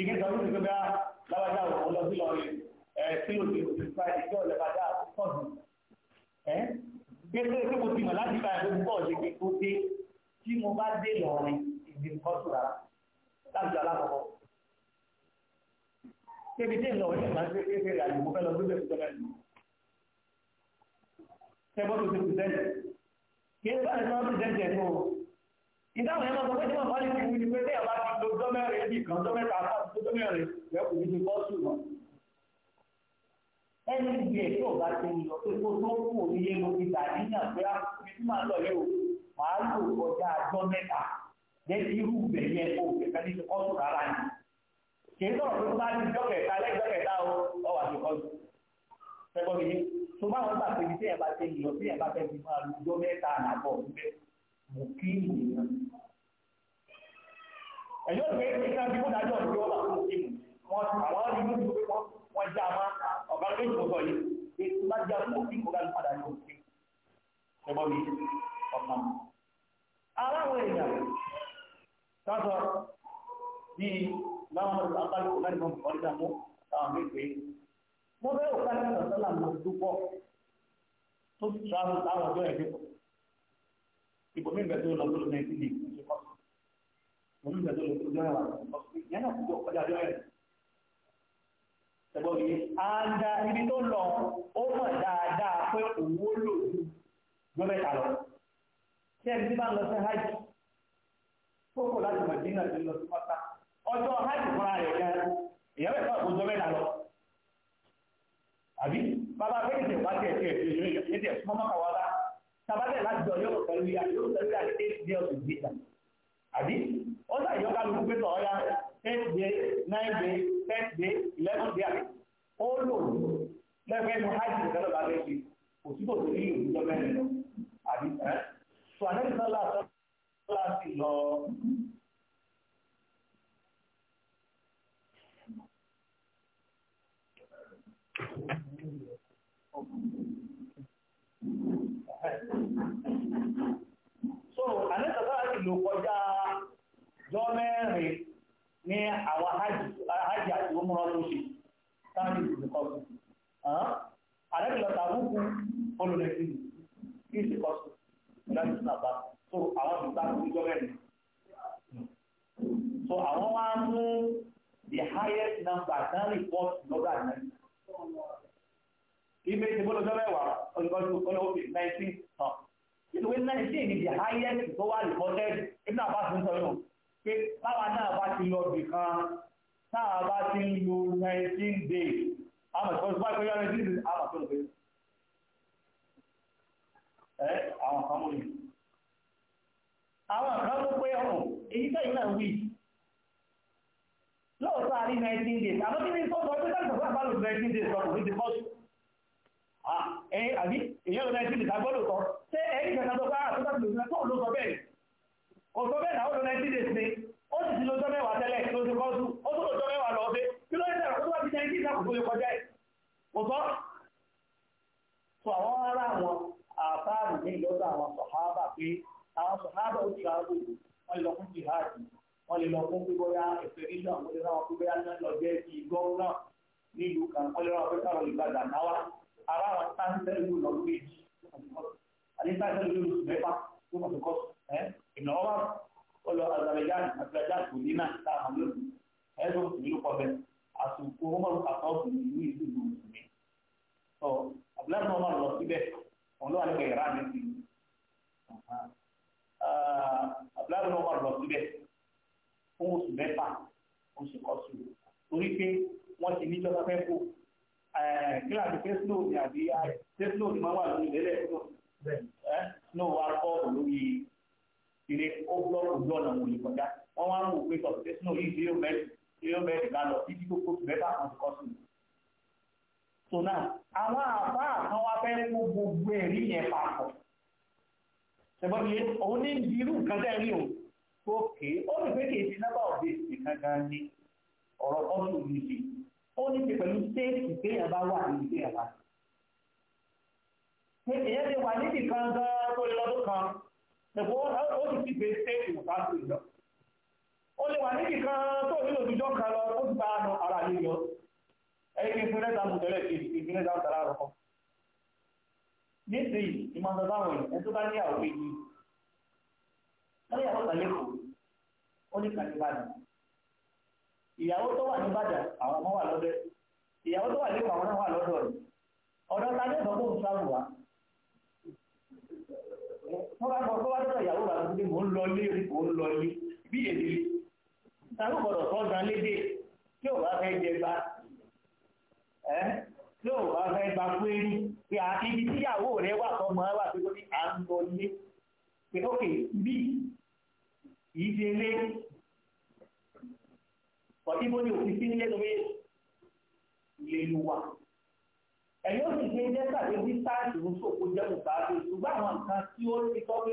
ìgbé sọ̀rọ̀ ní gbẹ́gbẹ́ lábájá òun lọ sí lọ́rin ẹ̀ sí òde òde friday ìjọ ìlẹ̀bàjá pọ̀jù ẹ́ gbèsè tí mo ti mọ̀ láti bá ẹgbẹ́ púpọ̀ ṣe kí tó dé tí mo bá dé lọ́rin ìdí nǹkan tó rárá láti alákọ̀ọ́kọ́ débi tí ìlọrin ní ìgbàgbé kéèké rẹ̀ àyè mo fẹ́ lọ gbé bẹ́ẹ̀ tó tẹ́lẹ̀ ìdáhùn ẹ̀mọ́ sọ pé tí wọ́n bá lè fi wí ni pé tẹ́yà bá ti lo dọ́mẹ́rin bí kan dọ́mẹ́ta àti dọ́mẹ́rin lẹ́kùn ní ti bọ́ sùn lọ. ẹni ibi ẹ̀ tó bá ti lọ pé kó tó kú òye mo ti gbà níyàn pé àkókò tí màá lọ yóò màá lò kọjá dọ́mẹ́ta lẹ́yìn irú ibẹ̀ yẹn kó kẹ̀kẹ́ ní ti mú kí ènìyàn. ẹ̀yọ́ ìwé ìgbésí náà bí wọ́n dájọ́ ìwé ọ̀la fún òkè wọn àwọn arìnrìn mú ìwé wọn wọ́n já máa ọ̀gá ló ń sọ yìí pé tí bá já fún òkè ọ̀gá ló padà yọ òkè ẹ̀gbọ́n mi ọ̀kan. aláwọ̀ èèyàn sọ́sọ́ bíi láwọn ọ̀rọ̀ àbáyọ̀ ọ̀gá ìmọ̀ ọ̀dà mú táwọn mẹ́gbẹ̀ẹ́ mo bẹ́ẹ̀ òkú àti ọ̀sán làmọ̀ dúpọ̀ tó ti tra ibòmí ìgbà tó lọ tó lọ náà ìdílé ìgbà tó kọ́ ibòmí ìgbà tó lọ tó dára ìyẹn náà kúkọ ọjà lọ rẹ ẹgbẹ́ òye àǹdà ibi tó lọ ó mọ̀ dáadáa pé òwò lò ó gbọ́ mẹ́ta lọ tí ẹni tí bá lọ sí hajj kókò láti Mẹdínà ti lọ sí pátá ọjọ́ hajj fúnra rẹ̀ gan ìyẹn bẹ̀ fún àkójọ mẹ́ta lọ àbí bàbá bẹ́ẹ̀ tẹ̀ bá tẹ̀ tẹ̀ tẹ̀ tẹ̀ tẹ̀ fún ọmọ kàwá tabadẹ láti dọ̀ yọ̀ pẹ̀lú ya yóò pẹ̀lú ya eight days of data àbí ó sàn yọ kálukú pé tọ̀ ọ́yá eight day nine day ten day eleven day àbí ó lò lẹ́gbẹ̀ẹ́ nu hajj ìfẹ́lẹ́ bá fẹ́ ṣe kò sí kò sí ní òjijọ́ mẹ́rin lọ àbí ẹ́ tó àlẹ́ ìsọ́lá sọ́lá sí lọ Thank you so àlẹ́sàtà àti lò kọjá jọ mẹ́rin ní àwọn hajj àti omúra tó ṣe táàbí ìsìnkọ́sù àlẹ́bìlọ tàbúkú olùrẹ̀sì kí ìsìnkọ́sù ìlàjì sí àbá so àwọn ti sáà ní jọ mẹ́rin so àwọn wá mú the highest number tán report lọ́dọ̀ àná ibi tí bọ́lọ̀ sọ́rọ̀ ẹ̀wà olùkọ́sọ́kọ́lọ́wọ́ nineteen tán nítorí nineteen ni the highest tó wà reported ibi náà bá ti ń sọ yóò pé báwa náà bá ti lọ bì kan táà bá ti ń lo 19 days àmọ́ ìfọwọ́sọ bá ìfọwọ́sọ yára ìdílé àmọ́ tó lè fẹ́ ẹ àwọn kan mú yìí àwọn kan tó pé ọ̀hún èyí sẹ́yìn náà wí lóòótọ́ àrí nineteen days àmọ́ kí ni sọ́kọ̀ ọdún káàkiri àbálò nineteen days sọ́kọ̀ ní ti fọ́sùn. Ah, ẹ̀yìn àbí èyàn lọ́nà ẹ̀sìn ìta gbọ́dọ̀ tọ́ ṣé ẹ̀yìn kẹta tó bá àtúntà tó lòsùn tó ló sọ bẹ́ẹ̀ kò sọ bẹ́ẹ̀ náà ó lọ́nà ẹ̀sìn ìdèsí ni ó sì ti lọ́jọ́ mẹ́wàá tẹ́lẹ̀ ló ti kọ́ su ó tó lọ́jọ́ mẹ́wàá lọ sí kí ló ń tẹ̀rọ tó bá ti jẹ́ ìdíjà kòkó lè kọjá ẹ̀ kò sọ. tó àwọn ará wọn àbáàrù ní ìlọ́dọ̀ àwọn sọ̀hábà pé àwọn sọ̀hábà ó ti ra owó wọn lè lọ fún jihad wọn lè lọ fún gbígbóyà ẹ̀fẹ̀ nínú àwọn olè náà wọn gbígbóyà náà lọ jẹ́ ti gọ́ọ̀nà nílùú kan wọn lè rán àwọn pẹ́sà wọn lè ara àwọn táńtẹ́lú lọ lórí àti táńtẹ́lú lórí oṣù mẹ́fà tó mọ̀ tó kọ́ ẹ̀ ìnáwó wà ó lọ Azerbaijan Azerbaijan kò ní náà tá a mọ̀ lórí ẹ̀ ló sì ló kọ́ bẹ́ẹ̀ àsùnkú ọmọ àtọ́kù ìlú ìlú ìlú mi ọ abúlé ọmọ lọ síbẹ̀ òun ló wà nípa ìran mi sí abúlé ọmọ lọ síbẹ̀ fún oṣù mẹ́fà oṣù kọ́sù torí pé wọ́n ti níjọba fẹ́ kó Eh, kíláàsì tẹ́sílò ní àbí tẹ́sílò ní eh, máa wà lórí ìlẹ́lẹ̀ náà wà kọ́ọ̀kù lórí ilé ó blọ́ọ̀kù lọ́nà wò lè kọjá wọ́n wá ń wò pé sọ̀tù tẹ́sílò yìí tí yóò mẹ́rin tí mẹ́rin lọ títí tó kóòtù kan ti kọ́ sí i. so náà àwọn àbá gbogbo ẹ̀rí yẹn papọ̀ mi òun ní irú nǹkan tẹ́ rí o ó ó ní ṣe pẹ̀lú séèkì kéèyàn bá wà ní ìgbéyàn wá. èèyàn ti wà níbi kan gan tó lè lọ́dún kan ẹ̀fọ́ ó sì ti gbé séèkì wọ̀ká sí ìjọ. ó lè wà níbi kan tó nílò ìjọ kan lọ ó ti bá a ara mi yọ. ẹ̀yìn ìpínlẹ̀ ìdáhùn tẹ́lẹ̀ kejì ìpínlẹ̀ ìdáhùn tẹ́lẹ̀ báwọn ẹ̀ tó bá ní ìyàwó tó wà ní àwọn ọmọ wà lọ́dọ̀ ìyàwó tó wà ní àwọn náà wà lọ́dọ̀ rẹ̀ ọ̀dọ̀ ta ní ìsọ̀kò ń sáwù wọ́n bá sọ wá dọ́dọ̀ ìyàwó bàbá tó mò ń lọ ilé mò ń lọ ilé bí èdè tàbí gbọ́dọ̀ tó gan lédè tí ò bá fẹ́ jẹ gba ẹ́ tí ò bá fẹ́ gba péérí pé ibi tíyàwó rẹ̀ wà tọmọ ẹ wà pé ní à ń lọ ilé pé ókè bí kì ibo ni òfin sí nílé lórí ilé ìlú wa ẹ̀yọ́ sì gbé dẹ́sà tó ní sáàtì ní sòkò jẹ́mù báàbí ṣùgbọ́n àwọn nǹkan tí ó ti tọ́ pé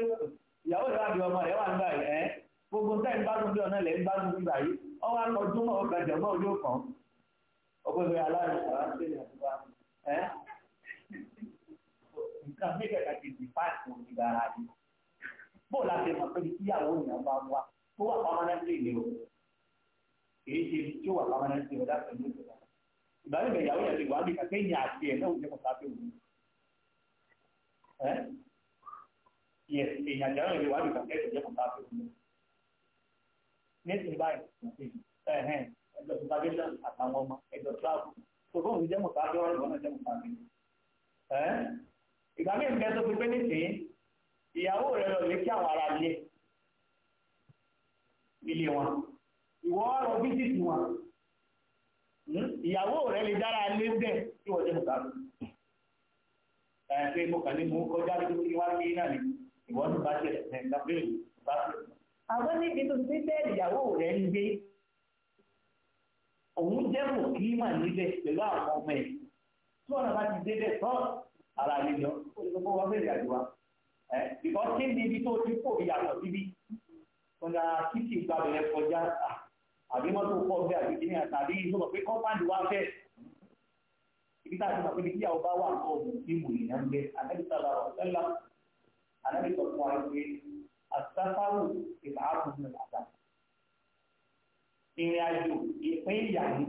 ìyàwó ìwà àbí ọmọ rẹ̀ wà nígbà rẹ̀ ẹ́ gbogbo tẹ́ ń gbádùn bí ọ̀nà ilẹ̀ ń gbádùn bí báyìí ọwọ́ akọjú mọ́ ọgbà jẹ̀mọ́ orí òkan ọgbẹ́ ìwé aláàrẹ̀ sàrà ń tẹ̀lé àdúrà nǹkan bí èyí ṣe tí ó wà láwọn ẹni tí ọ̀dà pẹ̀lú ìjọba ìgbà níbẹ̀ ìyàwó yẹn ti wà níbi kàkẹ́ ìyìn àti ẹ̀ náà ò ní kò sáfẹ́ òun ẹ́ yẹ èyàn àjàrà ìwà níbi kàkẹ́ ìjọba kò sáfẹ́ òun nísìnyí báyìí ẹ̀hẹ́n ẹ̀jọ̀ tó sáfẹ́ àtàwọn ọmọ ẹ̀jọ̀ tíráàbù tó fóun jẹ́ mùsàfẹ́ ọ̀rọ̀ ìwọ́n náà jẹ́ mùsàfẹ́ ẹ́ ìgbà míì fẹ́ tó fi pé nísìnyí ìyàwó rẹ̀ lọ lè kí àwọn ará ilé ilé wọn ìwọ ọ̀rọ̀ bísíìsì wọn hmm? ìyàwó rẹ lè dára lé bẹ́ẹ̀ tí wọ́n jẹ́ mọ̀kàlù ẹ̀ẹ́dẹ́ mọ̀kàlù mú kọjá lójú kí wá sí náà ni ìwọ ní bá tiẹ̀ ẹ̀ gábírì bá tiẹ̀. àwọn níbi tó ti bẹ́ẹ̀ ìyàwó rẹ ń gbé òun jẹ́ kò kí mà níbẹ̀ pẹ̀lú àwọn ọmọ ẹ̀ tí wọ́n bá ti dé bẹ́ẹ̀ tọ́ ara rẹ yọ ó ti kókó wá àjọ wa ẹ̀ bìkọ́ kí ni tó ti kó ìyàtọ̀ síbi kọjá títì gbàgbẹ́ kọjá à àbí mọ́tò kọ́ bẹ́ àbí kíní àtàbí ìṣòro pé kọ́páàdì wá fẹ́ ibi tá a ti mọ̀ pé kíyàwó bá wà nǹkan ọ̀gbìn tí mò ń yàn gbé ànábì sábà ọ̀sẹ́lá ànábì sọ fún wa pé àtàfáwò ìlà àbùnú làdá ìrìn àjò ìpín ìyà ni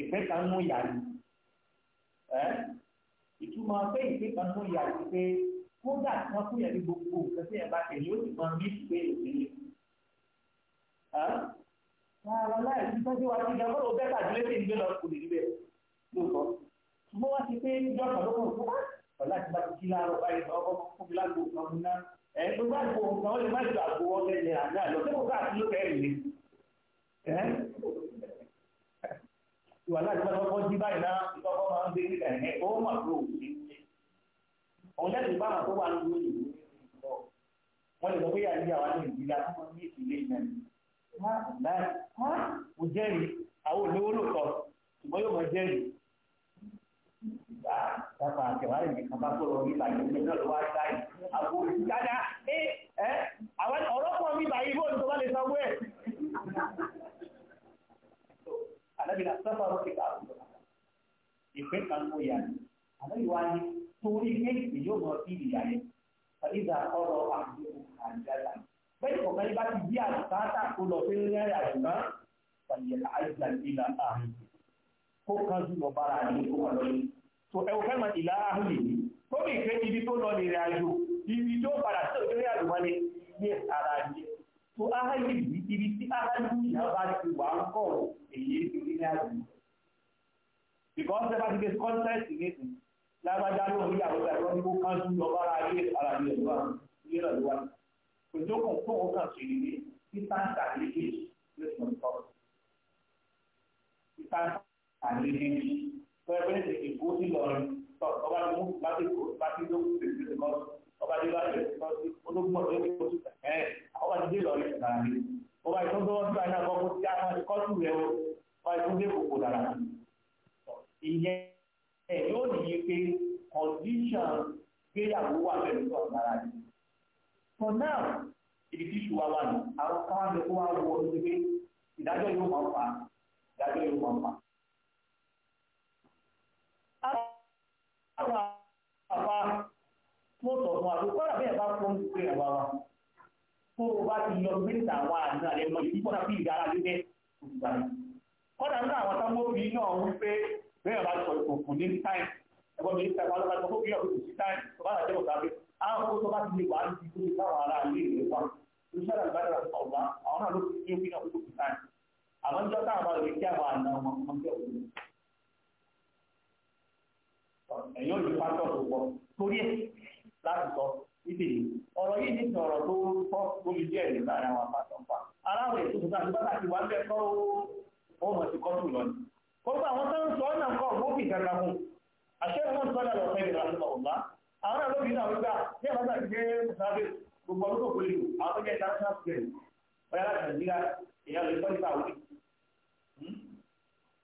ìpín kan mú ìyà ni ìtumọ̀ pé ìpín kan mú ìyà ni pé kódà tí wọ́n fún yẹn ní gbogbo nǹkan tí yẹn bá tẹ̀lé ó sì mọ bí ìpín ìpín rárá láì sí tọ́jú wa nígbà bọ́lá bẹ́tà ìdílé tí ń gbé lọ kò lè rí bẹ́ẹ̀ lóòótọ́ ṣùgbọ́n wá sí pé ìjọba ló kàn fún ọ̀la ti bá ti kí láàárọ̀ báyìí ọkọ̀ fún mi lágbo kan ná ẹ̀ gbogbo àgbo kan ó lè má ju àgbo ọ̀lẹ́ ilẹ̀ àná lọ sí kókó àti lókè rè é ìwà láti bá lọ́kọ́ jí báyìí náà ìtọ́kọ́ máa ń gbé nígbà ẹ̀ ó mà ló òṣèlú òun lẹ́sìn bá àwọn tó wà ní ìlú òyìnbó wọ́n lè sọ pé yàrá ìyá wa ní ìdílé àtúmọ̀ ní ìpínlẹ̀ ìnáyìí láì mo jẹ́rìí àwọn olówó ló kọ ṣùgbọ́n yóò mọ jẹ́rìí dápà àtẹ̀wárẹ̀ nìkan bá kúrò ní ìbàdí ìgbẹ́ náà ló wá dáì àwọn olùdájà ẹ ẹ àwọn ọ̀rọ̀ pọ̀ ní ìbàdí ìbò tó bá lè sanwó ẹ̀. àlẹ́bìnrin àtọ́fà ló ti kà á ìpín kan mú ìyá ni àlẹ́bìnrin wa ni torí méjì yóò mọ sí ìyá yẹn tàbí ìgbà ọ̀rọ̀ àdúgbò àjálà yìí bẹ́ẹ̀ kọ̀ọ̀kan yìí bá ti bí àbùkátà kó lọ sí ní ẹ̀rọ àjùmá pàlẹ́ àìsàn ìlà ààrùn kó kan jù lọ bára ní kó wà lọ́yìn tó ẹ̀wọ̀ fẹ́ràn ìlà ààrùn yìí tó bí ìfẹ́ ibi tó lọ lè rìn àjò ibi tó padà sí òkè rìn àjò wọlé ní ara jẹ tó áhàlì yìí ibi tí áhàlì yìí bá ti wà ń kọ̀ èyí ti rìn àjò because ẹ ti dé kọ́ńtẹ́ẹ̀tì nísìnyí lágbájá lóhùn ìyàwó Perdoa com o cantinho que está ali nesse monitor. Que está ali Foi bem que o senhor só estava muito batido, batido, batido, batido, batido, batido, batido, batido, batido, batido, batido,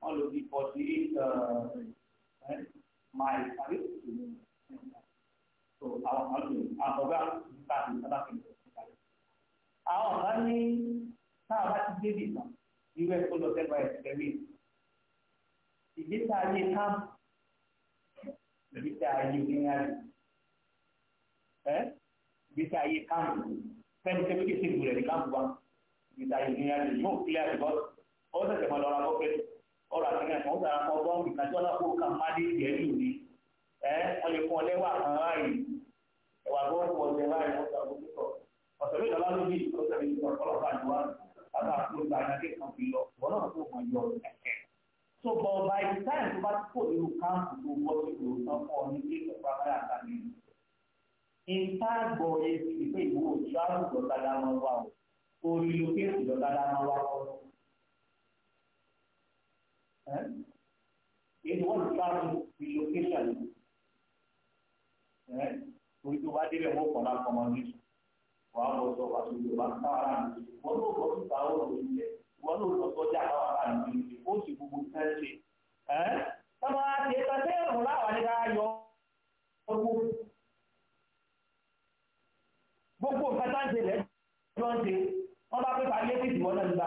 wọ́n lò bí forty eight uh, miles àbí so àwọn kan lò àwọn ọ̀gá nípa àti sábà fi lò sí kálí. àwọn kan ní náà bá ti dé bìtàn irú ẹ̀ tó lọ sẹ́gbà ẹ̀ tẹ̀lé ìgbésẹ̀ ayé kám ìgbésẹ̀ ayé onírìnàjò ẹ̀ ìgbésẹ̀ ayé kám fẹ́ni tẹ́lẹ̀ kí ṣe gbùrẹ̀ ní káàkùbá ìgbésẹ̀ ayé onírìnàjò yóò kílẹ̀ àdìbọ́ ó tẹ̀sẹ̀ mọ́ ọ̀rọ̀ àti ẹ̀kọ́ ń sàrà kan bọ́ọ̀mù ìtàjọ́ lápò kan má dé ìyẹn lù ní ẹ wọ́n lè fún ọ lẹ́wà kan ráàyè ẹ̀wà bọ́ọ̀mù ọ̀sẹ̀ ráàyè wọ́n sàrò púpọ̀ ọ̀sẹ̀ mẹ́ta lálọ́ bí ọ̀sẹ̀ mẹ́ta ọlọ́pàá àjọ wa bàbá àkúrò gba àyànké kan fi lọ wọ́n náà tó kàn yọ ẹ̀kẹ́. so bọ̀ by the time tó bá ti kó nínú káàmpù tó wọ́ sí ìlú náà fún ọ ní kéèkì pápá àtàlẹ́ ìtàgbọ̀ yẹn ti pé ìwò ìṣáàlù lọ́tàdá máa wà ó orí lókè ìlọ́tàdá máa wà ó èyí wọ́n ti sáré relocation orí tó bá débẹ̀ wọ́n kọ̀ láti ọmọ ní wà á lọ sọ wà á lọ bá sára wọn ló lọ sí ìta ọ̀rọ̀ ìjẹ wọn ló lọ sọjà àwọn àbá ìjẹ ó sì gbogbo tẹ́sí. sábà tí ẹ ta tẹ́ẹ̀rù láwàá ní ká yọ gbogbo nǹkan tá ń ṣe lẹ́yìn ló ń ṣe wọ́n bá pẹ́ fà á lé ìdìbò náà nígbà.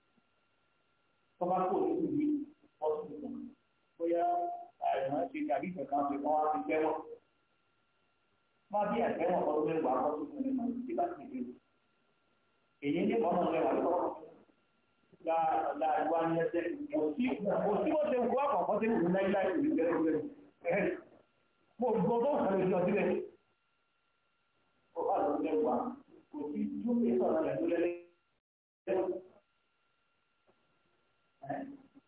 tọ́ba kò ní ìlú ọ̀sùn kan bóyá àìsàn ṣe tàbí kankan ṣe kán wá ti tẹ́wọ̀n. máa bí àtẹ́wọ̀n ọdún mẹ́wàá ọdún kan ní màá ti bá ti dé. èyí ní ọmọ mẹ́wàá lọ́wọ́ la la ẹsẹ̀ kò sí kò ṣe wù wá kọ̀ọ̀kan ṣe wù láíláí kò ní mo gbọ́ tó kàn lè lọ ọba ló ń mẹ́wàá kò sí tó ń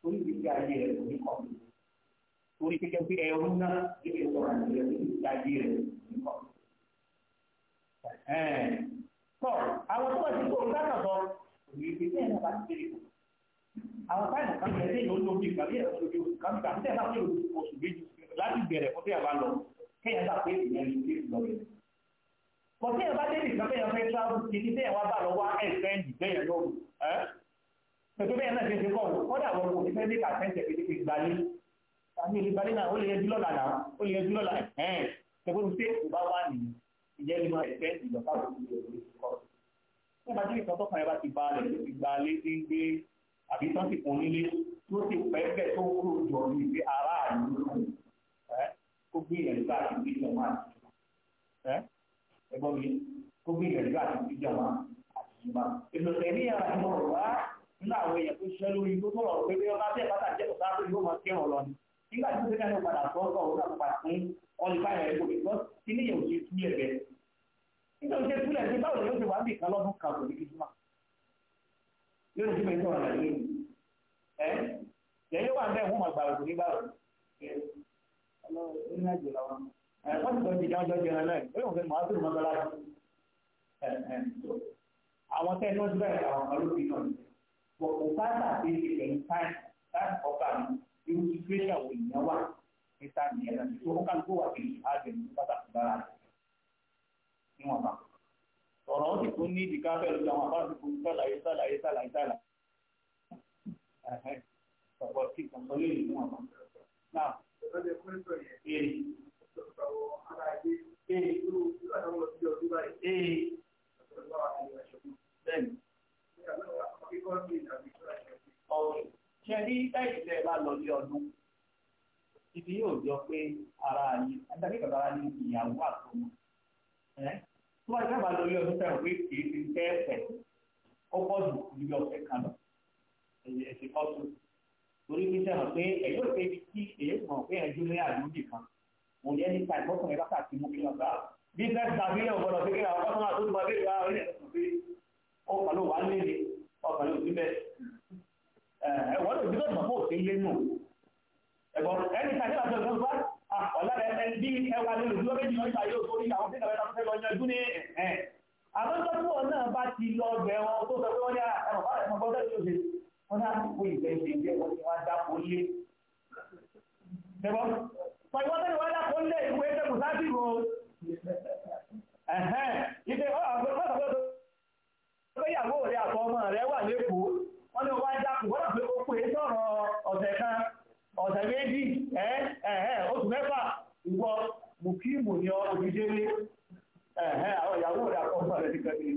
torí ìgbésí ayé rẹ̀ kò ní kọ́ torí pé kẹ́kẹ́ ẹ̀rú náà yóò ṣe sọ̀rọ̀ àti ẹ̀rú ìgbésí ayé rẹ̀ kò ní kọ́. tọ́ àwọn tó wà sí kó sáà sọ òní ìgbé bẹ́ẹ̀ náà bá ti délé kù. àwọn táyà kan tẹ̀lé ìlú lóbi ìgbàlẹ́ ẹ̀rọ lóbi kan tà tẹ̀ láti lò oṣù méjì láti bẹ̀rẹ̀ fún tẹ̀yà bá lọ kẹ́yà bá pé ìyẹn lè pẹ̀lú bẹ́ẹ̀ náà ti ṣe kọ́ kọ́dà wọn kò ní fẹ́ ní kàtẹ́ǹtẹ̀ pé ti gbalé tàbí ìlú gbalé náà ó lè yẹjú lọ́la náà ó lè yẹjú lọ́la ẹ̀hẹ́n tẹ̀gbọ́n ṣé kò bá wà nìyí ìjẹ́ ìmọ̀ ẹ̀fẹ́ ìjọba kò ní ìlú kọ́. nígbà tí ìtọ́tọ́ kan yẹn bá ti ba alẹ̀ tó ti gba alẹ́ tí ń gbé àbí tán ti kún nílé tó ti pẹ́ bẹ́ẹ̀ tó kúrò jọ ní ara ìlú kó kó gbìyànjú àti nínú àwọn èèyàn tó ṣiṣẹ́ lórí tó tọrọ pé bí ọba bẹ́ẹ̀ bàtà jẹ́ ọ̀tá pé yóò máa kí ọ̀rọ̀ lọ ni nígbà tí sẹ́kẹ́ náà padà sọ ọ́ òun náà padà fún ọlùfáà rẹ̀ kò bìkọ́ kí ní yẹ̀wò ṣe tú ẹ̀bẹ̀ nítorí ṣe túlẹ̀ pé báwo ni yóò ṣe wà níbi kan lọ́dún kan kò ní kí túmọ̀ yóò ní síbẹ̀ sọ̀rọ̀ àwọn tẹ́ẹ̀ ní wọ́n ti bẹ̀rẹ̀ àwọn ọlọ́bìnrin náà kò kò sábà dé ilẹ̀ ní táìmù láti ọba mi irú situation wo ìyẹn wà ní táìmù yẹn náà tó kọ́kà ló wà kìí àgbẹ̀ ní pàtàkì bára rẹ̀ níwọ̀n bá. ọ̀rọ̀ ó sì tún ní ìdíkà bẹ́ẹ̀ lójú àwọn àbáwọn ìfowópamọ́ sàlàyé sàlàyé sàlàyé sàlàyé. ọ̀pọ̀ tí kò sọ lé ìlú wọn bá. náà ọ̀rọ̀ ẹ̀kọ́ ìtọ̀ yẹn. ee ee. bẹ́ẹ̀ni ọ̀rẹ́ ṣe rí ẹ̀yìn tẹ́ ẹ bá lọ ní ọdún ibi yóò jọ pé ara yìí adákẹ́kọ̀ọ́ ara ní ìyàwó àtọmọ tó bá sábà lọ ní ọdún fẹ́ràn pé kì í ti tẹ́ ẹ̀fẹ̀ ó pọ̀ jù níbi ọ̀fẹ́ kan lọ ẹ̀sìn kọ́tù torí pé sẹ́wọ̀n pé ẹ̀yìn ò pé kí èyí mọ̀ pé ẹ̀jú ní àdúgbò kan mo ní ẹni ta ìfọ́kànlẹ́ bá kàtí mú kí wọ́n bá bí bẹ́ẹ̀ tàbí ọ̀gbọ́dọ̀ pé kí àwọn ọ̀gbọ́n máa tó ọkàn yóò síbẹ̀ ẹ̀wọ́n lè gbígbọ́ ìmọ̀ fún òkè ilé nù ẹ̀gbọ́n ẹni tàbí àti ọ̀gbọ́n bá ọ̀la rẹ̀ bí ẹwà lè lò lọ́wọ́ méjì lọ́jà yóò sórí àwọn tí ìdàgbẹ́ta fẹ́ lọ yanjú ní ẹ̀ àwọn tó pọ̀ náà bá ti lọ bẹ̀ wọn tó sọ pé wọ́n yá ẹ̀mọ̀ bá ẹ̀mọ̀ bọ́tẹ́ tó ṣe wọ́n náà ti kó ìgbẹ́ ìgbẹ́ ìgbẹ́ wọn ti wá dá kó lé ẹ̀gbọ́n pẹ̀lú wọn tẹ́lẹ̀ wá dá kó lé ìwé tẹ́kùn sáà lóyàwó rẹ̀ àtọ́ ọmọ rẹ̀ wà lẹ́kọ̀ọ́ wọ́n ní ọ á jákùn wọ́n pé ó pè é sọ̀rọ̀ kan méjì oṣù ìwọ ni ọ òjijé lé àwọn ìyàwó rẹ̀ àtọ́ ọmọ rẹ̀ nìkan ni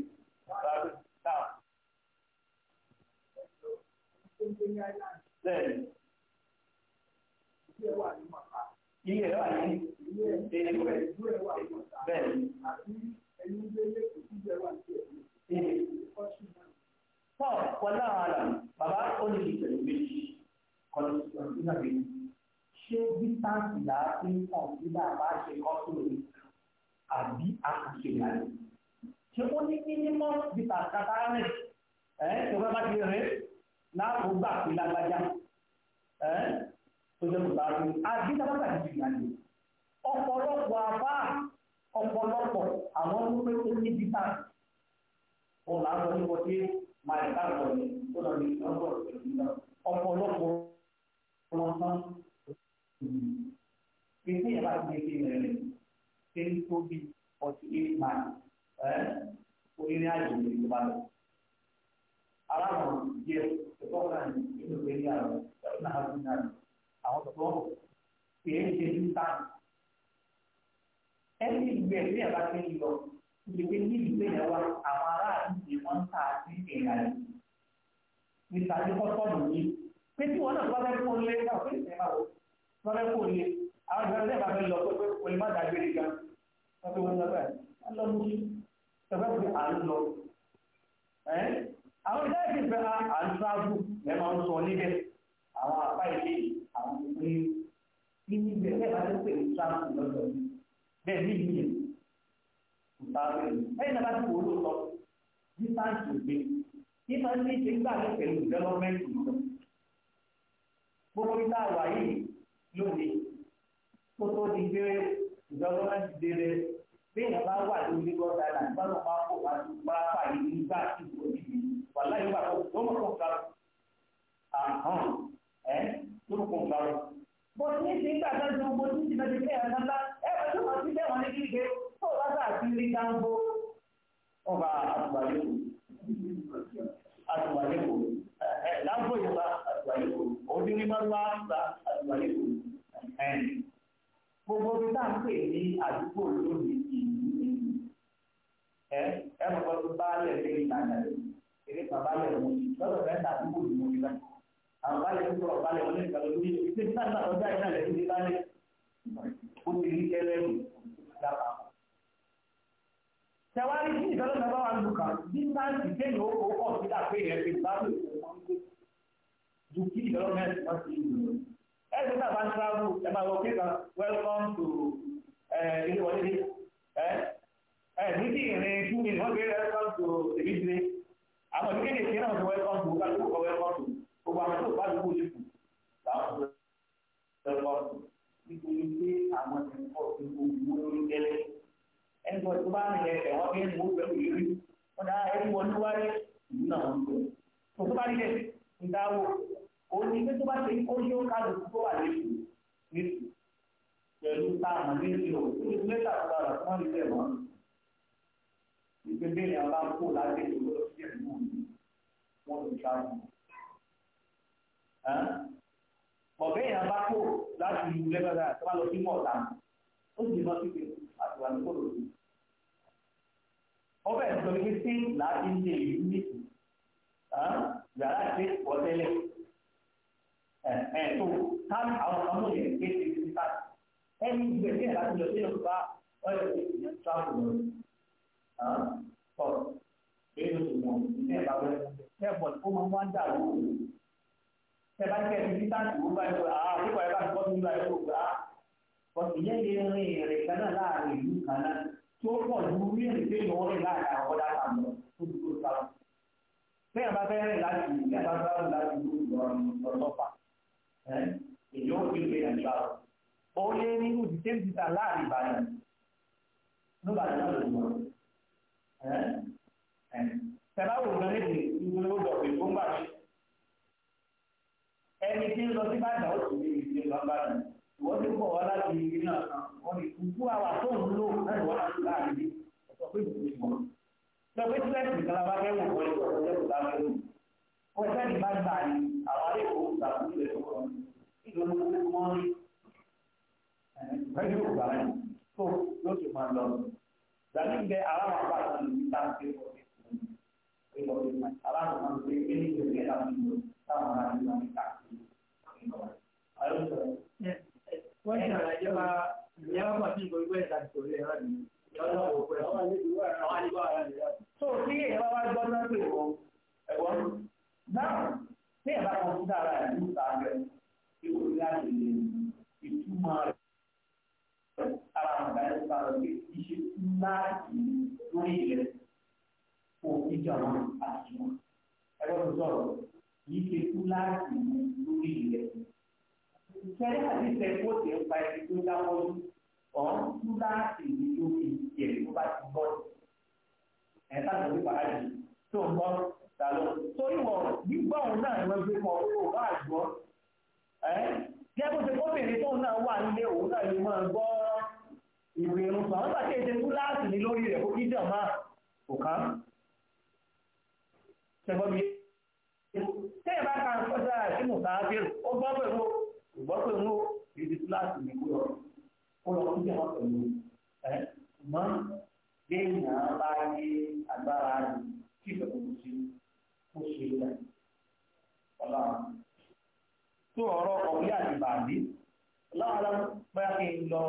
Iye Tọ́ pọ̀lá ara bàbá ó ní ìpẹ̀lú méjì kọlọsíwọ̀n nígbà bí ṣé dítáǹsì láti ń kàn sí bàbá ṣe kọ́sùn rẹ̀ àbí àkàṣe ìlànà. Ṣé ó ní mínímọ́ bíta kàtàrẹ̀ ẹ̀ tó bá bá ti rẹ̀ láàbò gbà pé lágbájá ẹ̀ tó jẹ́ bùbá rẹ̀ àbí tábàtà ti ìlànà. Ọ̀pọ̀lọpọ̀ àbá ọ̀pọ̀lọpọ̀ àwọn tó pé ó ní dítáǹsì òun là ń lọ níbo tí máa ẹ̀ka lọ ní tó lọ ní ọgbọ̀n ìgbà ọ̀pọ̀lọpọ̀ ọlọ́sán ìpín ìyàrá ti di kéwìn rẹ̀ ṣe ń tóbi forty eight miles ẹ̀ orílẹ̀ àjò ìlú bá lọ. aláwọ̀ díẹ̀ ìfọ̀kànlá nínú ìwé ní àrùn ẹ̀rọ náà ti nà àwọn tọ̀tọ̀ kì í ṣe ní táà. ẹni ìgbẹ́ ìgbẹ́ ti ń lọ ìgbé ní ìgbé yẹn wá àwọn aráàlú ni wọ́n ń ta àti ìrìn àjò níta ní kọ́tọ́ọ̀nù yìí pé tí wọ́n náà bá fẹ́ kó lé náà pé ìsìn máa wò wọ́n fẹ́ kó lé àwọn ìgbàlódé bá fẹ́ lọ pé kò lè má dàgbére gan wọ́n fẹ́ wọ́n lọ bẹ́ẹ̀ wọ́n lọ mú sí ṣọfẹ́ pé à ń lọ. àwọn ìdá ìdí ìfẹ́ à ń sáájú lẹ́ máa ń sọ níbẹ̀ àwọn àbá ilé àwọn ìgbé ní níbẹ̀ ẹ̀yìn náà bá ti wò ó lóòótọ́ dísáǹtì òde kí ní ṣe ń gbàgbé pẹ̀lú dẹ́lọ́mẹ́ntì lọ. gbogbo ìta yìí lónìí tó di dẹ́lọ́mẹ́ntì délé bí èèyàn bá wà ní kó wá sí yìí tí kò ní bí wà láyé wà kó tó mọ̀ ga lọ. àhán ẹ tó bá ti rí dáńgbó ọba àtùwàlẹ́kù àtùwàlẹ́kù dáńgbó ìgbà àtùwàlẹ́kù òdí ní mọ́lá gba àtùwàlẹ́kù gbogbo bí tá à ń pè ní àdúgbò lónìí ìlú ẹ ẹ mọ̀ pé baálẹ̀ lé ìlànà rẹ̀ eré bàbá lẹ̀ mọ̀ lọ́dọ̀ rẹ̀ ta àdúgbò ìlú mi lọ àwọn baálẹ̀ ń sọ̀rọ̀ baálẹ̀ wọn ní ìgbàlódé lórí ìlú ìgbésí náà lọ́dọ̀ àìsàn rẹ̀ ti di baálẹ̀ ó ti rí kẹlẹ́rù dábàá tẹwárí sí ìtọ́lọ́ tẹ́wọ́ wa lùkà dísáǹtì tẹ́yìn ó kó kọ̀ sí dàpé yẹn fi bá lè ju kí ìtọ́lọ́ mẹ́rin wọ́n ti lù ẹ ṣe tàbá ń travel ẹ máa wọ pé kan welcome to ilé wọlé ẹ ẹ ní kí ìrìn two minutes wọ́n gbé welcome to èmi dire àwọn ìdílé kékeré náà ti welcome to ká lóko welcome to gbogbo àwọn tó bá lóko lè kù làwọn tó welcome to nítorí pé àwọn ẹ̀kọ́ ìgbòho lórí tẹ́lẹ̀ ẹnìkan tó bá rìn ẹsẹ̀ wọ́n fi ń wo pẹ̀lú wọn dá ẹnìkan tó wá rí ìlú náà wọn tó tó bá rí ẹ̀ ń dáwọ́ òun ni pé tó bá ṣe ó yóò káàdù tó wà lẹ́sùn lẹ́sùn pẹ̀lú táàmù lẹ́sùn ò tó lè mẹ́ta tó bá rà fún wọn nílẹ̀ wọn. ìpínlẹ̀ ni a bá ń kó láti ìlú lọ sí ẹ̀mú wọn lè ṣáájú. ọ̀bẹ yẹn a bá kó láti ìlú lẹ́gbẹ̀rẹ́ àti wọn lọ sí mọ̀ọ́ta ó sì lọ sí pé àtiwá ní kò lòdì ọbẹ̀ tó ní sí láti ń ṣe ìlú nìkú yàrá ṣe wọ́tẹ́lẹ̀ ẹ̀ tó àwọn ọmọ yẹn ké ṣe ti ká ẹni gbèsè láti lọ sí yorùbá ọyọ ìyẹn tíráàpù lọ tọ èyí ló mọ ní ẹ̀bá rẹ ẹ bọ̀ máa wá dà lóko ẹ bá kẹ́ ẹ ti táàmì bá yẹ kó àá pípa ẹ bá ti bọ́ sí ìlú ayé kó gbà á ìyẹn lè rìn ìrìn kan náà láàrin ìlú kan náà tó pọ̀ ju mílíọ̀nù tí ìyọ̀ wọlé láàrin àwọn ọ̀dà kan lọ tó dúró sára. Bẹ́ẹ̀ bá fẹ́ rìn láti ìgbà bá fẹ́ rìn láti ìlú ọ̀rọ̀lọ́pà. Èyí ó fi gbé ẹ̀ṣọ́ àrùn. Ó lé ní ìdí tí ń ti ta láàrin Ìbàdàn. Nígbà tí wọ́n lò wọ́n. Tẹ̀lá wò lọ ní ìlú ìlú ọ̀dọ̀ pé ó ń gbà Ẹni tí ń lọ sí Bàdàn ó ní ìdí ìlú Bàdàn. Ìwọ́n ti pọ̀ wá láti ìgbìnà kan. Wọ́n ní àgbẹ̀ ó gbọ́ pẹ̀lú ìgbọ́ pẹ̀lú ìdí kíláàsì ní kúrò kó lọ sí ìjọba pẹ̀lú ẹ̀ mọ́ déèyàn bá ní agbára rẹ̀ kí ìjọba kò sí kó ṣe é lẹ̀ ọ̀la tó ọ̀rọ̀ ọ̀gbìn àti bàbí láwọn bóyá kí n lọ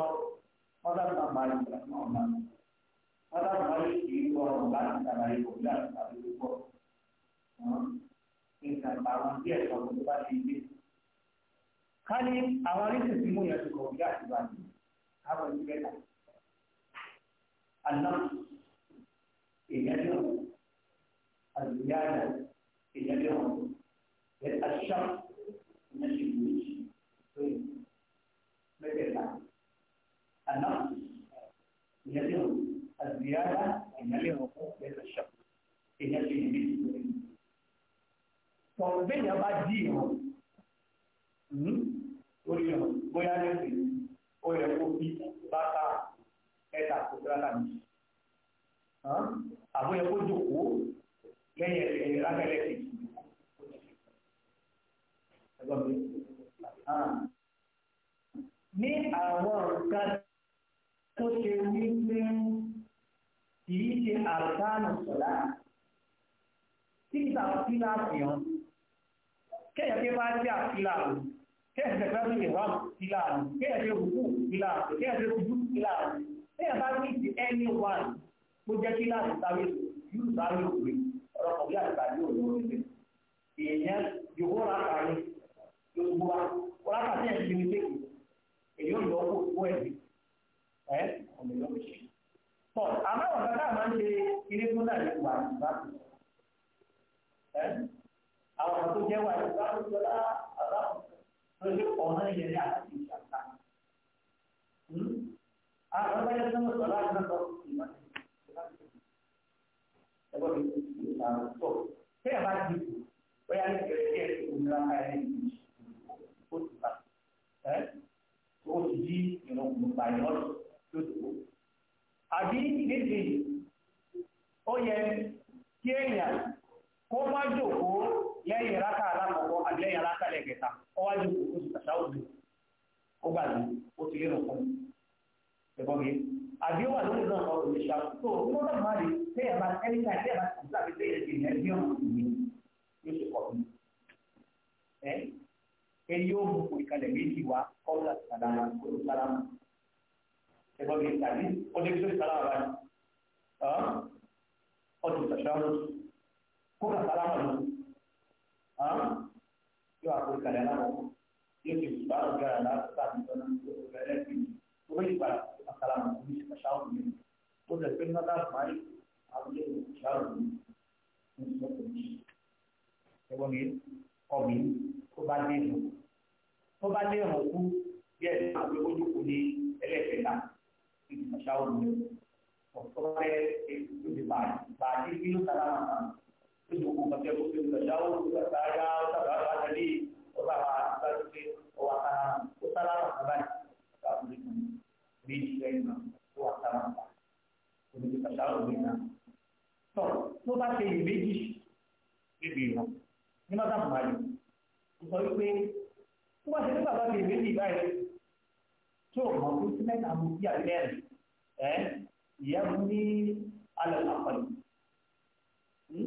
mọ́tàbí náà máa yẹ kí wọ́n máa mọ́tàbí náà yẹ kí wọ́n máa láti ṣàlàyé ọ̀gbìn àti bàbí gbogbo nǹkan àwọn díẹ̀ sọ̀rọ̀ tó bá ti gbé. ká ní àwọn oríṣi tí mú yẹn ti kọ̀ bí àtìgbà ní àwọn ìgbẹ́ náà. àná èèyàn ní ọ̀hún àlùyá náà èèyàn ní ọ̀hún ẹ̀ àṣà ìyẹn ti gbé jì pé mẹ́tẹ̀ẹ̀ta. àná èèyàn ní ọ̀hún ẹ̀ àṣà èèyàn ti gbé jì sọ̀rọ̀ bẹ́yà bá dí ìrọ̀ orí ìrọ̀ bóyá lẹ́sẹ̀ ó yẹ kó fi bàtà ẹ̀ta kó rárá mi àbó yẹ kó jòkó lẹ́yìn ẹ̀rẹ́ lábẹ́lẹ́ kejì ẹgbọ́n mi ní àwọn nǹkan tó ṣe wí pé kì í ṣe àrùkánù sọ̀lá tí kìí ta fílà fi hàn kéèyàn ké bá jẹ́ àfilà rẹ̀ kéèyàn tẹ̀gbẹ́ sí ìwàm fílà rẹ̀ kéèyàn tẹ̀ rúkú fílà rẹ̀ kéèyàn tẹ̀ rúkú fílà rẹ̀ kéèyàn bá ní ti ẹni wọn tó jẹ́ fílà rẹ̀ sáré yóò sáré òwe ọ̀rọ̀ kọ̀wé àgbà yóò lọ sí èèyàn yòówó rákà ní gbogbo wa rákà sí ẹ̀sìn ní pé èèyàn lọ kó kó ẹ̀sìn ẹ̀ ọ̀nà ìlọ́ mi ṣe. tọ́ àmọ́ ọ̀gá táà máa ń ṣe ilé fún náà ní wàhálà àwọn tó jẹ́ wà nípa àlùsọ̀lá àbáwọ̀ lórí ọ̀nà yẹn ní àti ìṣàkà. Hmm? àwọn ọmọdé tó ń sọ̀rọ̀ àti náà lọ ẹgbẹ́ mi ìlànà tó ṣé ẹ bá di bóyá ní kẹ̀kẹ́ ìmúra káyọ̀ ní o ti bá ẹ ti di ìrọ̀kùn báyìí lọ́dọ̀ tó ti kó. àbí níbi ó yẹ kí èèyàn kó má jòkó lẹ́yìn rákà alákọ̀ọ́kọ́ àti lẹ́yìn rákà lẹ́ẹ̀kẹta ọwájú kò sí tàṣà òdò ó gbà ní ó ti lérò fún un ẹ̀gbọ́n mi àbí ó wà lórí náà lọ òye ṣá tó ó lọ́dọ̀ máa lè tẹ́yà máa ẹni ká tẹ́yà máa kọ̀ọ̀tà fi tẹ́yà ti ìyẹn bí ọ̀nà ìwé yóò ṣe pọ̀ fún ẹ ẹni yóò mú kò ìkàlẹ̀ méjì wá kọ́ọ̀tà sàdámà kò ní sàdámà ẹ̀gbọ́n mi tàbí ó dé sórí sàdámà báyìí ọ̀ ọ́ ti tàṣà lọ kó kà sàdámà lọ yóò àpò ìkàlẹ̀ náà wọ̀ yóò ti bá ọ̀gá rẹ̀ láti bá àtúntò náà tó o rẹ̀ lẹ́sìn ní o bẹ́ẹ̀ ìgbà àkàlà mọ̀ ní ìṣẹ̀ṣà òun ni o lè pé nígbà láti máa àbúlé ìṣẹ̀ṣà òun ni o ti sọ̀rọ̀ ní ẹgbọ́n mi ọ̀mí tó bá dé ìrùn tó bá dé ìrùn kú bí ẹ̀ àgbé ojú ní ẹlẹ́ẹ̀kẹta ìṣẹ̀ṣà òun ni ọ̀tọ́ bá gbogbo kọjá tó fi jauh yàwó gbàgbà yá sábà jadi tẹ̀lé ọba àwọn àgbà tó fi ọwà kára ó sára wà sábà yìí ọba àbúrò kan bí ìṣẹ́ ìmọ̀ ó wà sára ini? òbí kàtà ini. náà. tọ́ tó bá ṣe yìí méjì níbi ìwọ̀n ní má dàpọ̀ máa lè sọ wípé tó bá ṣe ní bàbá ṣe méjì báyìí tó mọ̀ tó sí mẹ́ta mú sí àbẹ́rẹ́ ẹ̀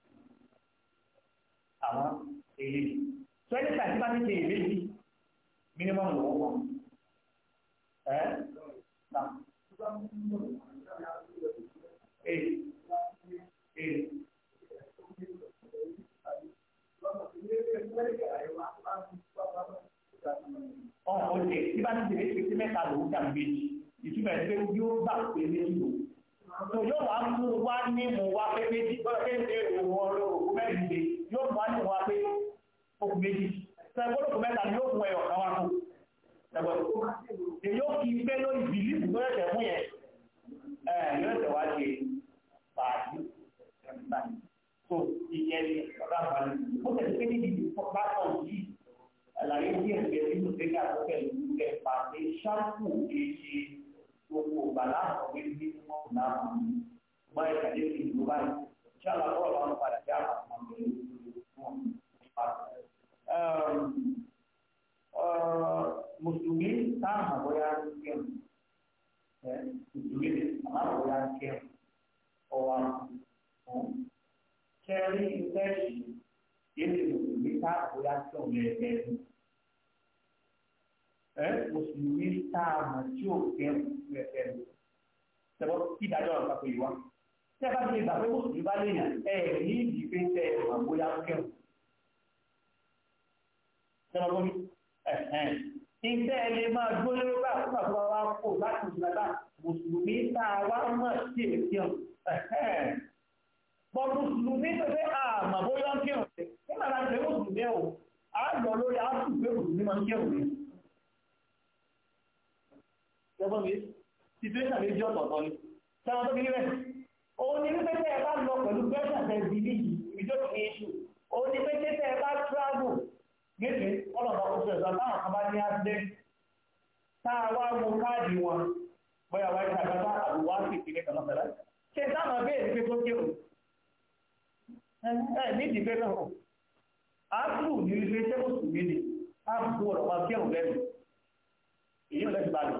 àwọn eléyìí tó ẹni tàbí bá ti ṣe ìrètí mínímọ̀ lọ́wọ́ wọn. ẹ nà. ee ee. ọ̀hún ọ̀dẹ̀ tí bá ti ṣe ìrètí mẹ́ta lòún dàgbé ìtumọ̀ ẹ̀ pé yóò bá pé méjì lòún mo yóò wá mú wá ní mo wá pé méjì bọ́lá pé ní òun ọ̀rọ̀ òkú mẹ́rin lè yóò mú wá ní wá pé òkú méjì sọ ìwọ́n òkú mẹ́ta ni yóò mú ẹyọ kan wá fún ẹgbẹ́ èyí ó kí pé lórí bìlíìfù tó yẹ̀tẹ̀ fún yẹn ẹ̀ yóò tẹ̀ wá ṣe pàdé so ìyẹn ni ọ̀rọ̀ àbálẹ̀ ó tẹ̀lé pé níbi bá tọ̀ yìí àlàyé díẹ̀ bẹ̀rẹ̀ nínú pé ní àkọ́kẹ́ gbogbo gbàlá àwọn ọ̀gbìn ní wọn kò náà wọn ní wọn yẹ kàdé fi ìlú báyìí ṣé àlàkọ́ ọ̀la wọn padà sí àwọn àwọn ọ̀gbìn wọn pa. mùsùlùmí táwọn àbọ̀yá ń kírun mùsùlùmí àwọn àbọ̀yá ń kírun ọ̀wà fún kẹrin ìfẹ́ yìí yé ti mùsùlùmí táwọn àbọ̀yá ń kírun lẹ́ẹ̀kẹ́rin mùsùlùmí táàmù tí ò kẹrù ẹ̀fẹ́ lò tẹ́wọ́ kí ìdájọ́ ọ̀rọ̀ papọ̀ yìí wá tí a bá ti lè gbà pé mùsùlùmí bá léèyàn ẹ̀ ní ìdí pé tẹ́ ẹ̀ mà bóyá kẹrù tẹ́wọ́ gómìn ìtẹ́ ẹ lè máa dúró lórí bá àkókò àkókò wa kó láti ìgbàlá mùsùlùmí tá a wá mọ̀ sí èsì ọ̀hún bọ́ mùsùlùmí tó fẹ́ àmà nígbà láti fẹ́ mùsùlùmí ẹ̀ o ṣẹgbọ́n mi situation méjì ọ̀tọ̀ọ̀tọ̀ ni sẹ́wọ́n tó kiri rẹ̀ òun ni wípé tẹ́ ẹ bá lọ pẹ̀lú pressure tẹ́ di ní ìjọba ní iṣu òun ni wípé tẹ́ ẹ bá travel níbi ọlọ́mọ oṣù ẹ̀sán táwọn kan bá ní accident tá a wá wo káàdì wọn bóyá wáyé àgbàdo àbúwá sì ti ní kànáà fẹ́lá ṣe táwọn abéèrè pé tó kéwòn ẹ ní ìdìbẹ́ náà ápùlù ní ilé iṣẹ́ mùsùlùmí ni ápùlù ọ̀rọ̀ máa kéwòn lẹ́nu èyí ò lẹ́sìn balẹ̀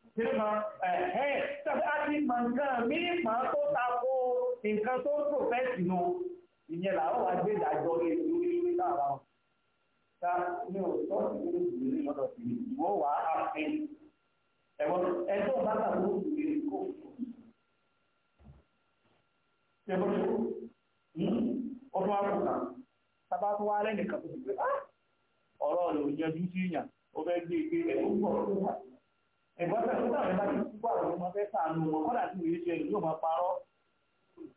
nígbà ẹ̀ẹ́ tàbí a ti mọ̀ nǹkan míì mọ̀ tó tako nǹkan tó ń pròfẹ́sì nù ìyẹn làwọn wá gbé ìdájọ́ rẹ̀ lórí lórí ẹ̀gbọ́n tẹ̀ nígbà rẹ̀ bá ti kú àwọn ọmọ fẹ́ sàánú wọn kọ́dà tí òye ṣe yóò máa parọ́.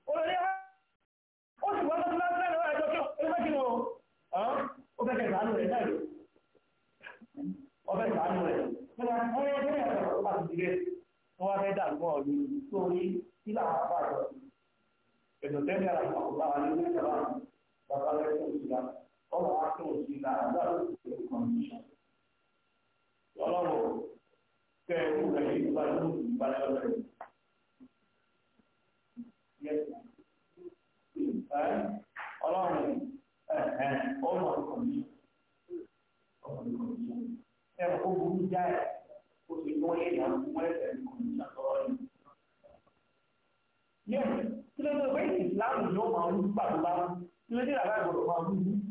olórí ha ó sì wọ́n lọ́dún láti lẹ́nu ẹjọ́ kí ó fẹ́ kí ni o ó fẹ́ kẹ́ sàánú rẹ̀ náà ó fẹ́ sàánú rẹ̀ nígbà tí wọ́n yẹ kí ẹ̀rọ tó bá ti dirẹ̀ wọ́n wá fẹ́ dà mọ́ ọ ní sórí sílà àpá àjọ ẹ̀dọ̀ tẹ́lẹ̀ àwọn ọ̀gá wa ní ilé ìjọba bàbá rẹ̀ tó ń sila ọ̀rọ̀ wa tó ń sila àgbà tó ń sila kọ̀ọ̀mù kẹ ẹ kú kẹlẹ ìgbà tó ìgbà tó rẹ. Ọlọ́run ọmọ ọkọ̀ mi ọmọ ọkọ̀ mi ẹ kó burú jáì kó sì tó yẹ ìyá fún ẹsẹ̀ ìkọ̀mí sàtọ́rọ́ ni. Yẹ́n kí ló dé pé ìsìláàmù yóò máa ń gbàdúrà kí ló dé àbá máa ń gbàdúrà.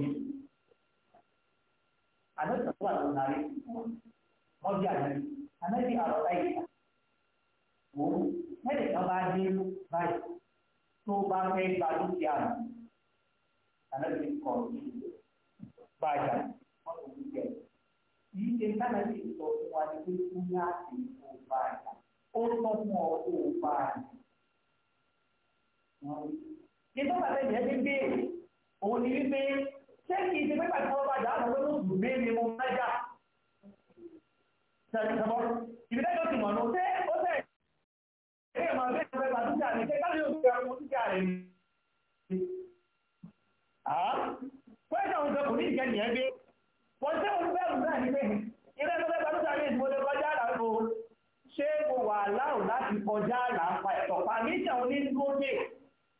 yìí. Àdókò wà lọ́nà rí wọ́n bí àná àná bí àrọ́lá ìgbà. Wò ó mẹ́rin kan bá dé báyìí tó bá fẹ́ gba dúkìá rẹ̀. Àná bí kọ̀ bàjá wọ́n kò ní jẹ. Yìí ṣe sáà ti sọ fún wa ṣé kì í ṣe pé pàtàkì ọba àjà àwọn olóògùn mi ni mo máa jà ṣàtìsọ́bọ́ ìbílẹ̀ tó ti mọ̀ nù ṣé ó tẹ̀ ṣé ìmọ̀ bí ẹ̀rọ ẹ̀fà tó jà ní ṣé káàdì òkú ẹ̀rọ mo ti jà rẹ̀ ni. pẹ́ẹ́sì àwọn ìjọba kò ní ìkẹ́ nìyẹn gbé wọ́n ṣé òun bẹ́ẹ̀ rúdà ní pé ilé ẹ̀rọ ẹ̀fà tó jà o ṣé mo wà láò láti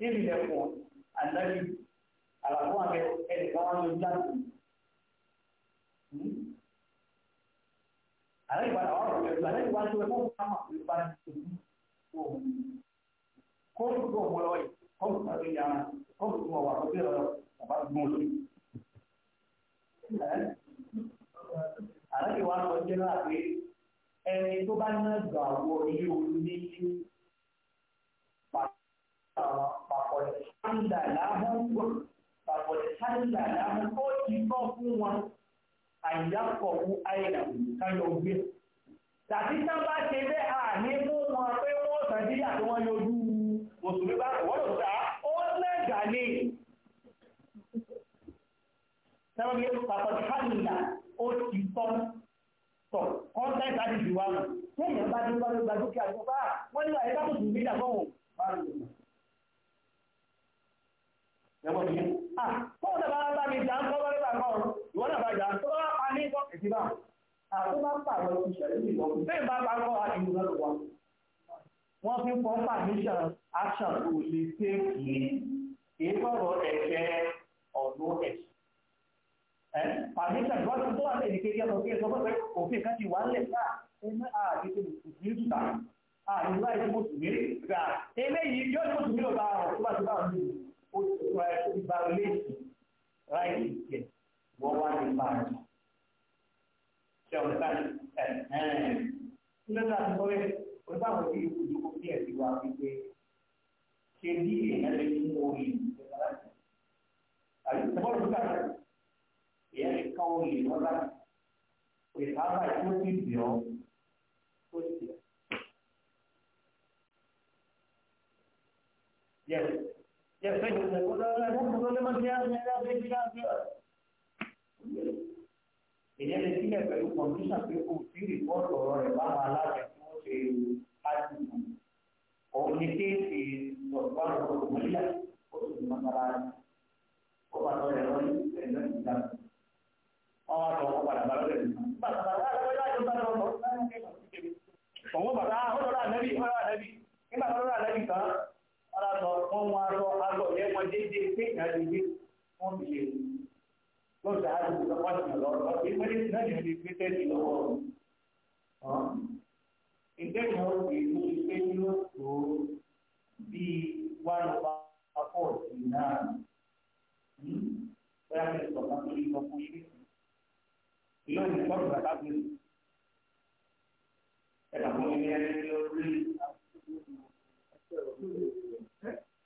nílùú ànábì àlàfo àbẹ ẹnì kan wọn ló ń dáàbò àlẹ́ ìpadà wọn rọ̀ pẹ̀lú àlẹ́ ìwà tó ẹ̀kọ́ fún àwọn àpèlú bá ti tó ohun kóòtù tó wọ́n lọ́wọ́ yìí kóòtù tó ti yára kóòtù tó wà lókè lọ́wọ́ bàbá gbọ́n lórí. àlẹ́ ìwà tó jẹ́ láàpẹ́ ẹni tó bá ná gbàgbọ́ ilé olú ní pàpọ̀lẹ̀ sáńdà láhùn pàpọ̀lẹ̀ sáńdà láhùn ó ti bọ́ fún wọn àyàpọ̀wú àìlà káyọ̀ gbé tàbí tán bá ṣe bẹ́ẹ̀ à ní fún wọn pé wọ́n sàn sí àti wọn yọjú mùsùlùmí bá wọ́n lọ sá ah, ó lẹ́gà ní sẹ́wọ́n bí pàpọ̀lẹ̀ sáńdà ó ti tọ́ tọ̀ kọ́ńtẹ́ǹtì àti ìdìwà nù fún ìyẹn bá dé bá dúkìá tó bá wọ́n nílò àyíká mùsùlùmí dàgbọ́n ah fóun náà bá bá mi jà ń kọ́ bá bá kọ́ ìwọ náà bá jà tó bá pa ní ìtọ́ ẹ̀sìn bá àtó bá pa àwọn ìṣẹ̀lẹ̀ ní ìwọ̀n bẹ́ẹ̀ bá bá kọ́ àìlú náà wà wọ́n fi fọ́ permission action tó lè ṣe kì í kì í sọ̀rọ̀ ẹ̀ṣẹ̀ ọ̀dún ẹ̀ṣẹ̀ permission wọ́n ti tó wà lẹ́yìn kékeré ọ̀sán kí ẹ sọ pé òfin kan ti wà ń lẹ̀ sáà ẹ má àdé tó ní ìtura àdúrà ìdí mùsùlùmí rà eléyìí yóò ní mùsùlùmí ó ti wá ẹ tó ti bá léèkì ráìlì ìjẹ wọ́n wá ní báyìí. ṣé ọ̀rẹ́ bá ní ẹ̀ ẹ̀ lọ́dọ̀ àti sọ́rẹ́ oníbàwọ̀ sí ìdókòwò sí ẹ̀sìn wa wípé ṣe bí èèyàn lè mú orí ìjọba láti. àbí ìbọ̀lù tó kàkà èèyàn lè ká orí ìjọba láti. òyìnbá báyìí tó ti bì ọ́ tó ti bì ọ́. Ìyẹn lè sílẹ̀ pẹ̀lú kọ̀míṣà pé kò sí rìpọ́ọ̀tù ọ̀rọ̀ rẹ̀ báwọn aláṣẹ tí wọ́n ṣe àdìgbò. Òun ni kéèké sọ̀rọ̀ àwọn ọ̀gbọ̀nmọ́lá ó sì mọ́ sára rẹ̀. Ó bá tọ́ ẹ̀rọ ní ẹ̀rọ ìjà. Wọ́n wá sọ ọkọ̀ padà bá lọ́dẹ̀ nù. Bàtà bàtà alábọ́lá yóò bá lọ lọ. Òun bàtà ó lọ́dọ̀ ànẹ́bí ó lọ́dọ̀ ànẹ́bí. Nígbà tó lọ́dọ̀ ànẹ́bí kan aláṣọ wọn mú aṣọ aṣọ yẹn wọn déédéé pé ìyáàdì gbé wọn fi lè lọ́n ṣe àdùn lọ́wọ́ sí lọ́wọ́ ọ̀sẹ̀ ìmọ̀lẹ́ ti náà yẹn lè gbé tẹ́lẹ̀ lọ́wọ́ ìdẹ́yìn ó fi ló ti pé yóò tó Thank hmm? you.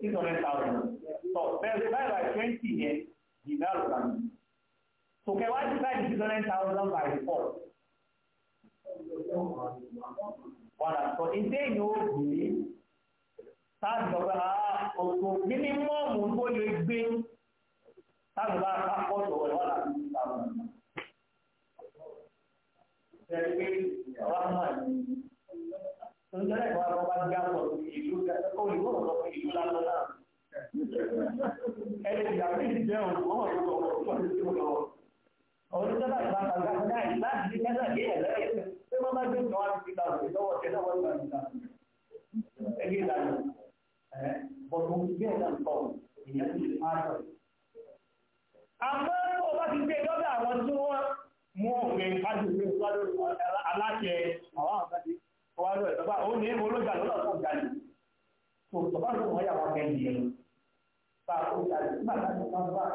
six hundred thousand so then divide by twenty yẹn dìbàrò kan so kẹwàá divide six hundred thousand by four wàrà sọ ìdé yìí ó gbé táàbì sọ pé ah, ọ̀tọ̀ mínímọ́ọ̀mù tó lè gbé táàbì bá kápọ̀ tó wọlé wàrà sí ìta wọn. Sebenarnya kalau orang Jawa itu kata kau itu orang itu lalu lah. Eh, jadi jauh, oh, itu orang itu orang. Orang kita tak tak tak nak, kita kita dia lah. Semua macam kawan kita, kita orang kita orang kita. Eh, kita, eh, bodoh dia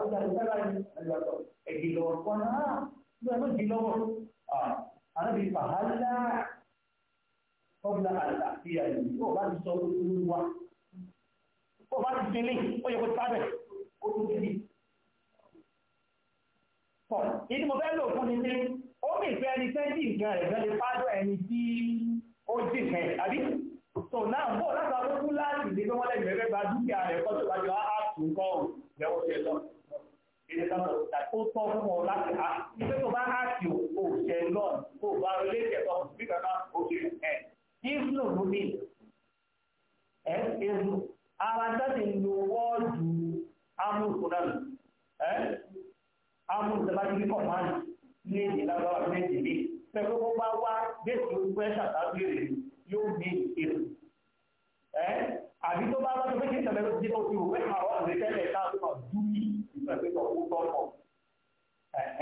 ó dàbí sáláì ẹgbàgbọ́ ẹ̀jì lọ́wọ́ kan náà ló ẹ̀mọ́ jì lọ́wọ́ ànábì fàhálà ọ̀gbà àlàáfíà yìí ó bá ti sọ olú wa ó bá ti délé ó yẹ kó sábẹ̀ ó tún délé. ìdí mo fẹ́ lò fún ni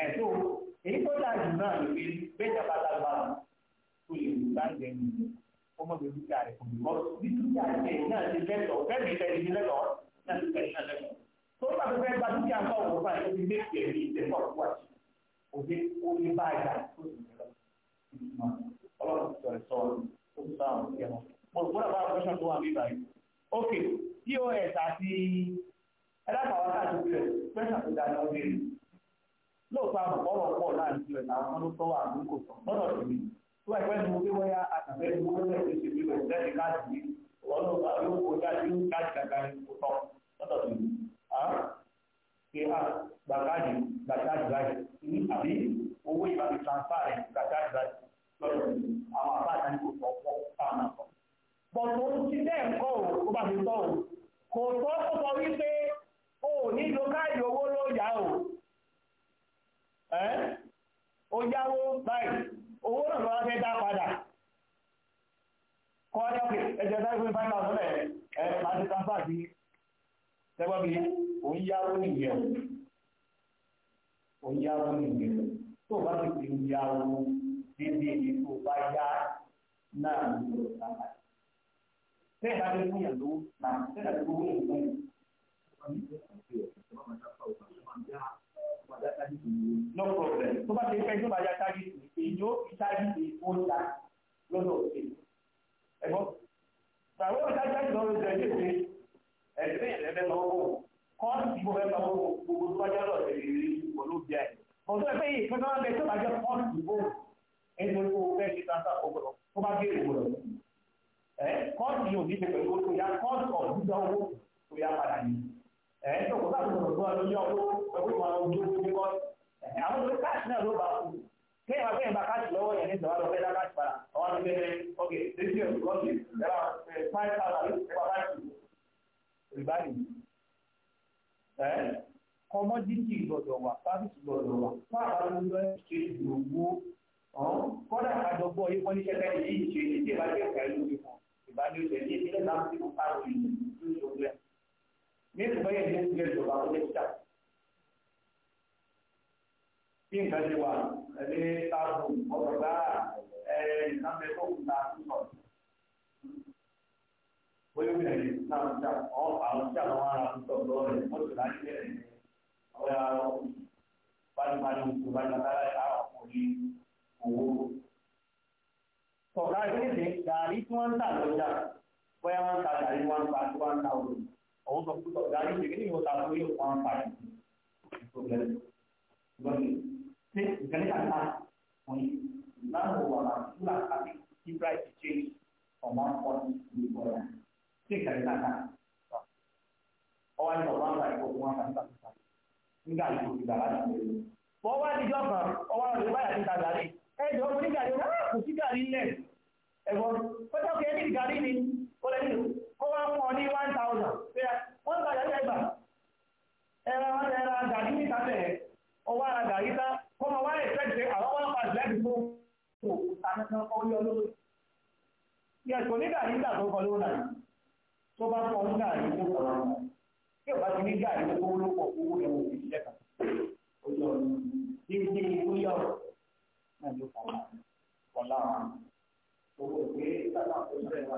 ẹ̀tọ́ èyí tó dáa jù náà lè gbé jọba lágbára tó lè wù láǹdẹ nù ọmọ mi dúkìá rẹ kò ní bọ́ bí dúkìá rẹ náà ti lẹ́tọ̀ bẹ́ẹ̀ ni bẹ́ẹ̀ ni lẹ́tọ̀ náà ti bẹ́ẹ̀ náà lẹ́tọ̀ tó bá fi fẹ́ gba dúkìá ń bá òun fà yóò fi lé tiẹ̀ ní ìtẹ̀kọ̀ tó wà sí òde ó lé bá ìgbà tó sì lẹ́tọ̀ ọlọ́run ti sọ̀rọ̀ sọ̀rọ̀ ó ti bá àwọn ìyá wọn mo rò bọ́dà bá ọ̀pẹ́sọ̀ tó wà ní ìbàyí ok pos àti ẹlẹ́kọ̀ọ́ wákàtí pẹ̀sà tó dáná ó dé lóòótọ́ àbọ̀bọ̀rọ̀ pọ̀ láàrin ìlú ẹ̀ta àwọn tó wà ní kò sọ lọ́dọ̀ tèmi tó ẹgbẹ́ ni mo gbé wáyà àtàfẹ́ ni mo lọ́dọ̀ tó ṣe bíbẹ̀ lẹ́yìn láti ní wọ́n ló bá yóò kó jáde yóò jáde gàgà kò sọ lọ́dọ̀ tèmi à ṣe à gbàgbáàdì gbàgbáàdì láì ní àbí owó ìbàdí transfer rẹ̀ gbàgbáàdì láì lọ́dọ̀ tèmi àwọn àbáta ni kò sọ pọ̀ káàmà sọ. bọ̀dọ̀ ti bẹ́ẹ̀ kọ́ ò kó bá mi sọ ò kò sọ ó sọ wípé o ò ní lo káàdì owó ló yá o ó yáwó báyìí owó náà lọ́wọ́ fẹ́ dá padà kọ́ ọjọ́ pé ẹjọ́ sáré fún five thousand ẹ̀ ẹ̀ máa ti transfer sí sẹ́gbọ́n mi ò ń yáwó nìyẹn ò ń yáwó nìyẹn tó o bá ti fi ń yáwó déédéé ní tó o bá yá náà ló ń lọ sáà bẹ́ẹ̀ bá ní fún náà bẹ́ẹ̀ bá ní fún yàn náà já tágìtì ní no problem tó bá ṣe fẹ́ tó bá já tágìtì èyí ó fi tágìtì ó ń ta lọ́dọ̀ òkè ẹ̀gbọ́n tàbí ó já tágìtì lọ́dọ̀ òkè ẹ̀jẹ̀ pé ẹ̀sìn ẹ̀lẹ́fẹ́ lọ́wọ́ kọ́ọ̀tì mo fẹ́ lọ gbogbo tó bá já lọ ẹ̀rẹ̀ ìwọ̀ ló bí ẹ̀ ọ̀tọ́ ẹ̀ pé ìpẹ́ tó bá bẹ tó bá jẹ́ kọ́ọ̀tì bò ẹni tó fẹ́ ṣe transfer ọgbọ̀dọ̀ tó bá gbé ìwọ̀ kọ́ọ̀tì yóò ní ṣe pẹ̀lú owó tó yá kọ́ọ̀tì ọ̀ ẹ̀ tó kò káàtì mọ̀ lọ́wọ́ lórí ọkọ̀ ẹgbẹ́ ìmọ̀ ojú ojú kíkọ́ àwọn olórí káàtì náà ló bá kú kí ẹ̀ bá fẹ́ bá káàtì lọ́wọ́ yẹn ní ìjọba lọ fẹ́ dá káàtì padà ọwọ́ ní bẹ́ẹ̀ ok this year we got it there are five thousand ẹgbẹ́ káàtì rìbárì ẹ̀ kọmọdítì gbọdọ̀ wà sáfìsì gbọdọ̀ wà fún àbálòpọ̀ ṣe ìdòwò kọ́dà àjọgbọ́ yìí wọ́n ní ṣẹ́fẹ́ yìí ṣe ìdíje bá jẹ́ ìkàlù ìfọ̀n ìbádìí ọ̀sẹ̀ ní ìpínlẹ̀ láti fún pàrọ̀ yìí lóṣù rẹ̀ nínú bẹ́yẹ̀ ní ilé ìjọba tó lè jà bí nǹkan ṣe wà ẹ̀lẹ́ táàbù ọ̀dọ̀gbà ẹ̀ẹ́dẹ́gbẹ́ tó kù náà tó sọ̀rọ̀ bóyá wíwẹ̀ ní náà jà ọ́ àwọn jà lọ́wọ́ ara tó sọ̀rọ̀ lọ́wọ́ rẹ̀ wọ́n sì láti bẹ̀rẹ̀ ọ̀rẹ́ ara bánibáni oṣù bánilára àwọn ọkùnrin owó. sọ̀rọ̀ àìsí gàrí ọ̀hún sọ pé ọ̀gá yìí ṣègbè yóò ta lórí one five problem lọ́nà ṣé ìkànnì àti àpòyí láwọn wà láàbùlà àti ibra ti change from one point to the other ṣé ìkànnì àti ọwọ́ àti ọ̀gá àgbà ìkọ̀ fún wọn àti àtúntà nígbà yìí kò fi gbà láti ṣe é. wọ́n wá ní ìjọba ọwọ́ àwọn olùbá yàtí ta gàrí ẹ̀jọ̀ onígàrí wọn kò sí gàrí lẹ̀ ẹ̀gbọ́n pẹ́tọ́kì ẹni gàrí ni ó lẹ́yìn kó wá fún ọ ní 1000 thousand pé one thousand ẹgbà ẹra wọn ẹra gàdí níta bẹ̀rẹ̀ ọwọ́ ara gàdí tá kó máa wá expect pé àwọn wọn pa ìlẹ́bí fún kò tàbí kan orí olówó yẹ kò ní gàdí níta tó kọ lówó náà tó bá kọ ní gàdí tó kọ lọ́wọ́ tí ò bá ti ní gàdí tó kọ lówó owó ni wò ó ti jẹ́ kan ojú ọ̀run dídí orí ọ̀rọ̀ náà ló kọ̀ ọ́ owó ìwé ìtàkùn tó bẹ̀rẹ̀ wà